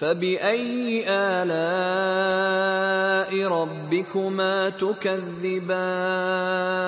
فبأي آلاء ربكما تكذبان